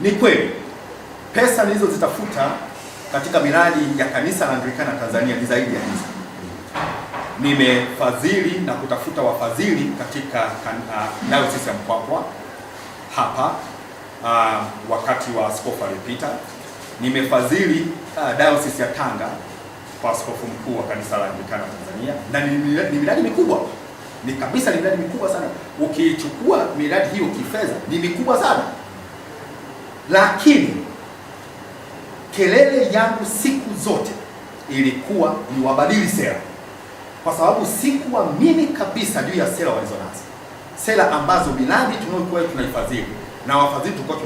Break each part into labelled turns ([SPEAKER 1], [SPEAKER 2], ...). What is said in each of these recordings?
[SPEAKER 1] Ni kweli pesa nilizozitafuta katika miradi ya kanisa la Anglikana Tanzania ni zaidi ya hizo. Nimefadhili na kutafuta wafadhili katika uh, ah, dayosisi ya Mpwapwa hapa uh, wakati wa askofu alipita. Nimefadhili uh, ah, dayosisi ya Tanga kwa askofu mkuu wa kanisa la Anglikana Tanzania, na ni miradi mikubwa, ni kabisa, ni miradi mikubwa sana. Ukichukua miradi hiyo kifedha, ni mikubwa sana lakini kelele yangu siku zote ilikuwa ni wabadili sera, kwa sababu sikuamini kabisa juu ya sera walizonazo, sera ambazo miradi tunayokuwa tunahifadhili na wafadhili tulikuwa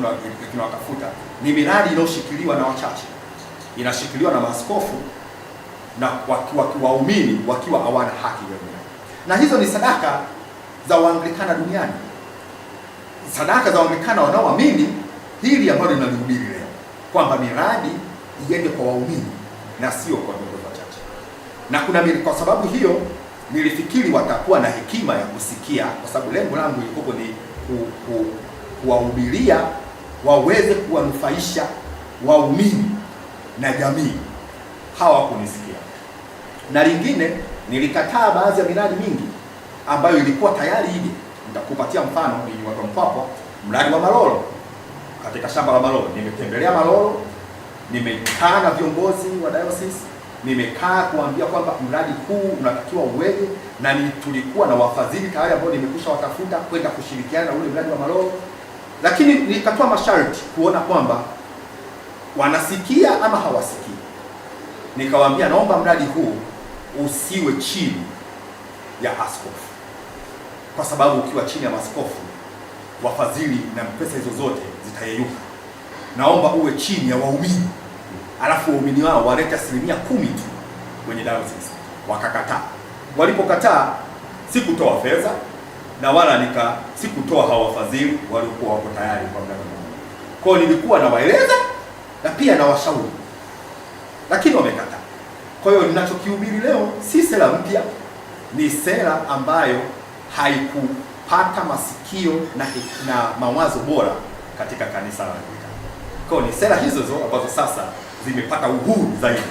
[SPEAKER 1] tunawatafuta ni miradi inayoshikiliwa na wachache, inashikiliwa na maaskofu na waumini wakiwa hawana haki wenyewe, na hizo ni sadaka za Waanglikana duniani, sadaka za Waanglikana wanaoamini hili ambalo ninalihubiri leo kwamba miradi iende kwa waumini na sio kwa viongozi wachache, na kuna kwa sababu hiyo nilifikiri watakuwa na hekima ya kusikia, kwa sababu lengo langu lilikuwa ni kuwahubiria waweze kuwanufaisha waumini na jamii. Hawakunisikia. Na lingine, nilikataa baadhi ya miradi mingi ambayo ilikuwa tayari ije. Nitakupatia mfano ni watu Mpwapwa, mradi wa Malolo katika shamba la Malolo. Nimetembelea Malolo, nimekaa na viongozi wa diocese, nimekaa kuambia kwamba mradi huu unatakiwa uweje, na ni tulikuwa na wafadhili tayari ambao nimekusha watafuta kwenda kushirikiana na ule mradi wa Malolo, lakini nikatoa masharti kuona kwamba wanasikia ama hawasikii. Nikawaambia naomba mradi huu usiwe chini ya askofu, kwa sababu ukiwa chini ya maskofu wafadhili na pesa hizo zote zitayeyuka. Naomba uwe chini ya waumini, alafu waumini wao walete asilimia kumi tu kwenye diocese. Wakakataa. Walipokataa sikutoa fedha na wala nika sikutoa wafadhili waliokuwa wako tayari kwa mdada mmoja. Kwa hiyo nilikuwa nawaeleza na pia na washauri, lakini wamekataa. Kwa hiyo ninachokihubiri leo si sera mpya, ni sera ambayo haikupata masikio na, na mawazo bora katika kanisa la Anglikana. Kwa ni sera hizo hizo ambazo sasa zimepata uhuru zaidi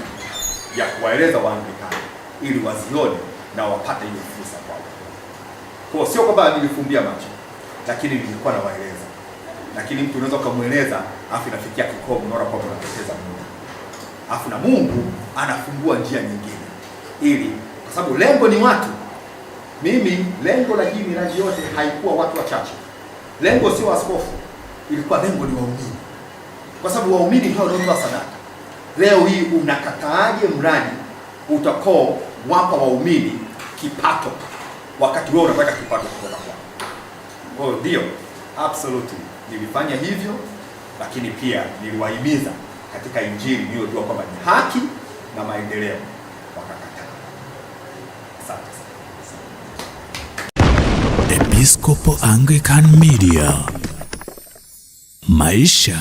[SPEAKER 1] ya kuwaeleza Waanglikana ili wazione na wapate hiyo fursa kwao. Kwa sio kwamba nilifumbia macho, lakini nilikuwa nawaeleza. Lakini mtu unaweza ukamweleza afu inafikia kikomo, unaona kwamba unapoteza muda, afu na Mungu anafungua njia nyingine, ili kwa sababu lengo ni watu. Mimi lengo la hii miradi yote haikuwa watu wachache, lengo sio askofu ilikuwa lengo ni waumini, kwa sababu waumini ndio wanaotoa sadaka. Leo hii unakataaje mradi utakao wapa waumini kipato, wakati wewe unataka kipato kutoka kwao? Oh, ndio absolutely nilifanya hivyo, lakini pia niliwahimiza katika Injili niliyojua kwamba ni haki na maendeleo, wakakataa. Episcopal Anglican Media maisha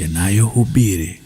[SPEAKER 1] yanayohubiri